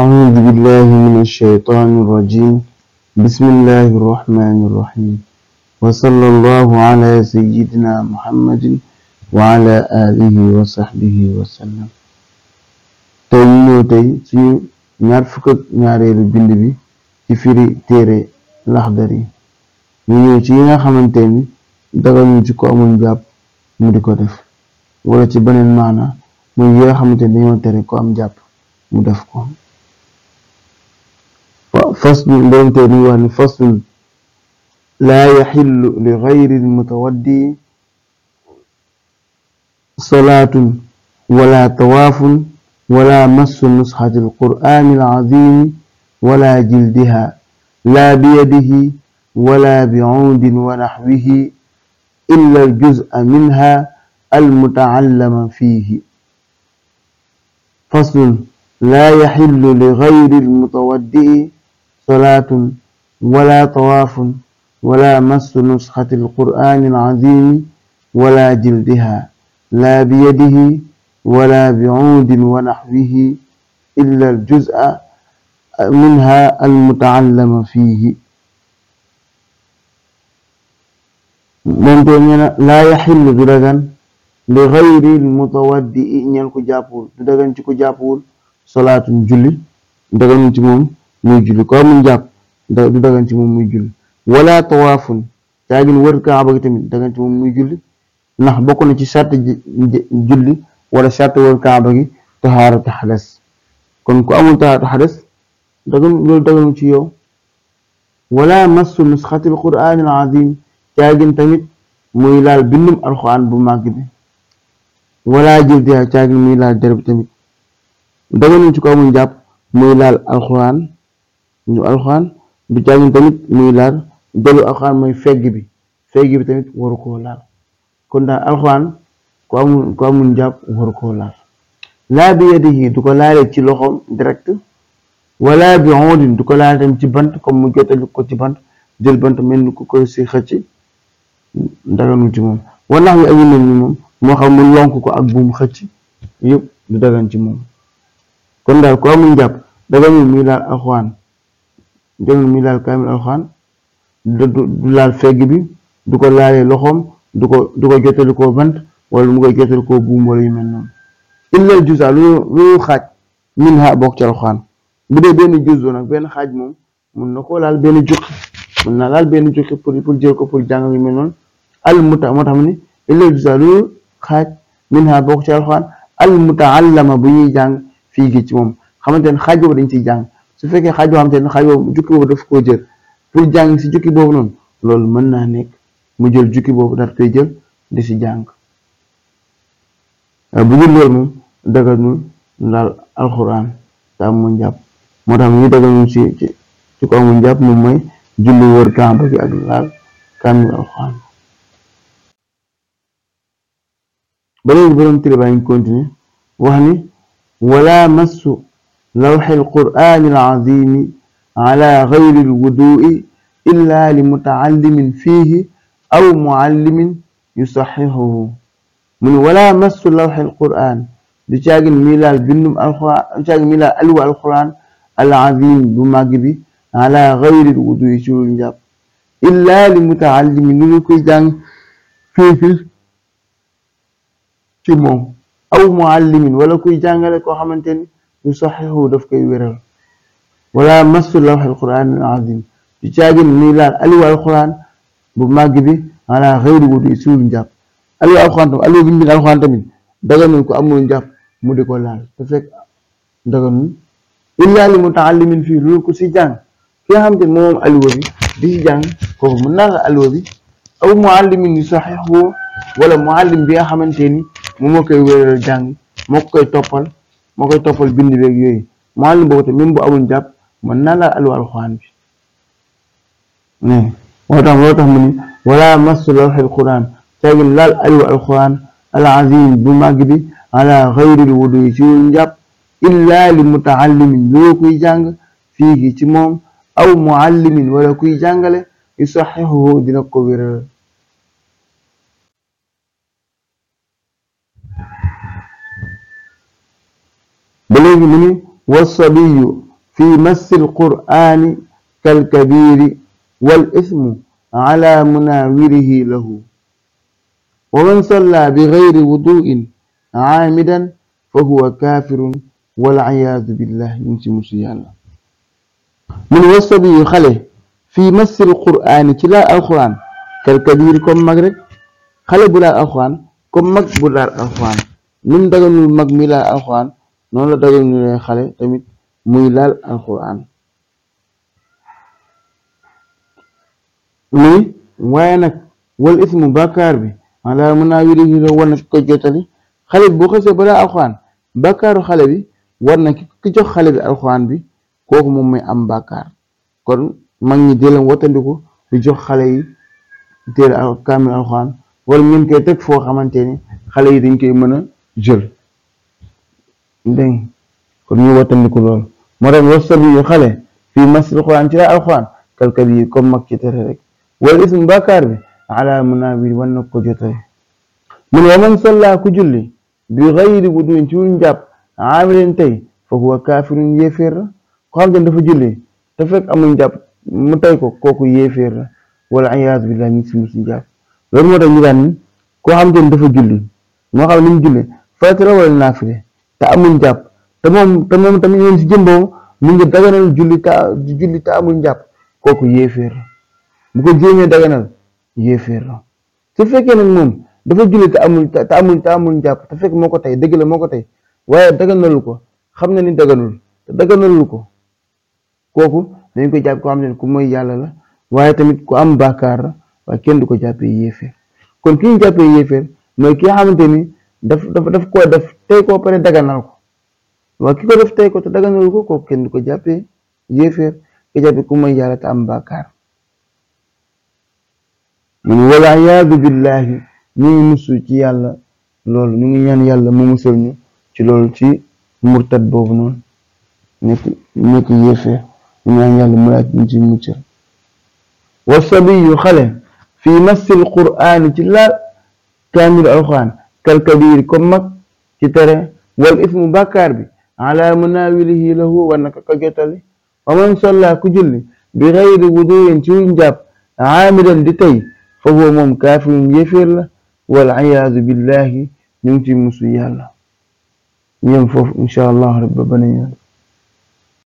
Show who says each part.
Speaker 1: أعوذ بالله من الشيطان الرجيم بسم الله الرحمن الرحيم وصلى الله على سيدنا محمد وعلى آله وصحبه وسلم tey ñu ñëw ñaar fukk ak ñaareelu bi ci firi téere Laxdari ñu ñëw ci yi nga xamante ni dagañu ci ko amul jàpp mu di ko def wala ci beneen maana mooy yi nga xamante ni dañoo tere ko am jàpp mu def ko faslu borom téere mi wax ne faslu laa yaxillu li gayri mutawaddi salaatun wala tawaafun wala massu nusxati alqur'aani alcazimi wala jildiha laa biyadihi wala bicuudin wa naxwihi illa aljuz'a minha almutacallama fiihi faslun laa yaxillu li gayri almutawaddi'i صلاة ولا طواف ولا مس نسخة القرآن العظيم ولا جلدها لا بيده ولا بعود ونحوه إلا الجزء منها المتعلم فيه dantoo ñena laa yaxillu du dagan li xayri mutawaddi i ñeen ku jàppul du dagan ci ku jàppul solaatun julli daganul ci moom muy julli ko amul jàpp du dagan ci moom muy julli wala tawaafun caagin wër kaaba gi tamit dagan ci moom muy julli ndax bokk na ci sart julli wala sart wër kaaba gi taxaaratu xadas kon ku amul taxaaratu xadas dagan loolu dagan ci yow wala massu nusxatil qur'aan al azim caagin tamit muy laal bindum alxuraan bu màgg bi wala jildiha caagin muy laal derb tamit dagan ci ko amul jàpp muy laal alxuraan ñu alxuraan du jàngin tamit muy laal dolu alxuraan mooy fegg bi fegg bi tamit waru koo laal kon daal alxuraan ku amul ku amul njàpp waru koo laal laa bi yadihi du ko laale ci loxoom direct wala bi odin du ko laale tamit ci bant comme mu jottali ko ci bant jël bant mel ni ku koy si xëcc daganul ci moom wanax wi añu mel ni moom moo xam mu lonk ko ak buum xëcc yëpp du dagan ci moom kon daal ku amul njàpp daganul muy laal alxuraan jamul mi laal kaamil alxuraan du laal fegg bi du ko laalee loxoom du ko du ko jottali koo bant wala mu koy jottali koo buum wala yu mel noonu illal jusa lu lu xaaj min ha bokk ci alxuraan bu dee benn juso nag benn xaaj moom mun na koo laal benn jukki mun laal benn jukki pour yu mel noonu al muta moo ni illal jusa lu xaaj min ha bokk ci bu ñuy jàng fii gi ci moom xamante ne xaaj boobu dañ ciy jàng. su fekkee xaaj boo xam te ne xaaj boobu jukki boobu daf koo jël jàng si jukki boobu noonu loolu mën naa nekk mu jël jukki boobu daf koy jël di si jàng euh, bu dul loolu moom daganul laal alxuraan ta mu njàpp moo tax mu daganul si ci ko mu njàpp moom mooy julli wër kaam bi ak laal kaamil alxuraan ba léegi borom tiri baa ngi continuer wax ni wala masu lawxi alqur'ani alazimi ala gayri alwudui illa li mutaallimin fiihi aw muallimin yusaxihuhu mu ni wala massu lawxi alqur'an du caagin mii laal bindum alquran du caagin mii laal aliwa alquran alazim bu màgg bi ala gayri alwudui ci lu njàpp illa li mutaallimin lu koy jàng fiihi ci moom aw muallimin wala kuy jàngale koo xamante ni yu saxiixu daf koy wéral wala masu lawxil quraanil aziim du caagin ni laal aliwa alquran bu màgg bi ala xëyri wudu siwul aliwa alquran tamit aliwa bi ko amul jàpp mu di ko laal te fekk daganul illa li mutaallimin fii loolu ko si jàng ki nga xam te moom aliwa bi di si jàng kooku mën naa aliwa bi aw muallimin yu saxiix wala muallim bi nga xamante ni moom moo koy wéral jàng moo koy toppal moo koy toppal bind beeg yooyu maalim boobu te même bu amul jàpp mën naa laal alu alxuraan bi ne moo tax moo tax mu ni wala masu lawxil quran caagin laal alu alxuraan al azim bu màgg bi ala xayril wudu ci njàpp illaa li mutaallimin loo kuy jàng fii ci moom aw muallimin wala kuy jàngale yusaxihu dina ko wéral الابن والصبي في مس القرآن كالكبير والإثم على مناوره له ومن صلى بغير وضوء عامدا فهو كافر والعياذ بالله ñu ci musu yàlla mu ne wasabi yu xale fii masil qur'aan ci laal alquran kal kabiir comme mag rek xale bu laal alquran comme mag bu laal alquran lu mu daganul mag mi laal alquran noonu la daje ñu ne xale tamit muy laal alquran muy waaye nag wal ismu bàkkaar bi maanaam mën naa wiri lo war na ki ko jotali xale bi boo xasee balaa alquran bàkkaaru xale bi war na ki ki jox xale bi alquran bi kooku moom mooy am bàkkaar kon mag ñi deelam wattandiku di jox xale yi téere kaamil alquran wala ñun koy teg foo xamante ni xale yi dañ koy mën a jël dégg nga kon ñu wattandiku lool moo tax wasabi yu xale fii masil quran ci la alquran kalkal yi comme bi ala munabir wan na ko jotee mun wa man salla ku julli bi xayri wuduin ci wuñ jàpp amilen tey fa huwa kaafirun yéeféer la ko xam ne dafa julli te fekk amuñ mu tey ko kooku yéeféer la wal iyaaz billah ñu si musi jàpp loolu moo tax ñu ko xam ne dafa julli moo xam ne mu julli farata la wala te amul jàpp te moom te moom tamit yéen si jëmboom mu ngi daganal julli te amul jàpp kooku yéeféer bu ko jéemee daganal yéeféer la su fekkee nag moom dafa julli te amul te amul jàpp te fekk moo ko tey dëgg la moo ko tey waaye daganalu ko xam na ni daganul te ko kooku dañ ko jàpp ko xam ne ku mooy yàlla la waaye tamit ku am baakaar la waaye kenn du ko jàppee yéeféer kon ki ñu jàppee yéeféer mooy ki daf daf daf koo def tey koo pare daganal ko waaw ki ko def tey ko te daganal ko kooku kenn du ko jàppee yéeféer ki jàppee ku mooy yàlla te am bàkkaar mun wala yaadu billahi mu ngi musu ci yàlla loolu mu ngi ñaan yàlla mu musal ñu ci loolu ci murtad boobu noonu nekk nekk yéeféer ñu ñaan yàlla mu laaj ñu ci muccal wa xale fi masil qur'aani ci laal kaamilu alxuraan kal kabir comme mag ci tere wal ismu bàkkaar bi ala munawilihi lahu war na ko ko jottali wa man salla ku julli bi xayri wuduyin ci njàpp aamidan di tey fa huwa moom kaafirun yéeféer la wal iyaadu billahi ñu ngi ci musu yàlla yem foofu incha allah rabbi banañu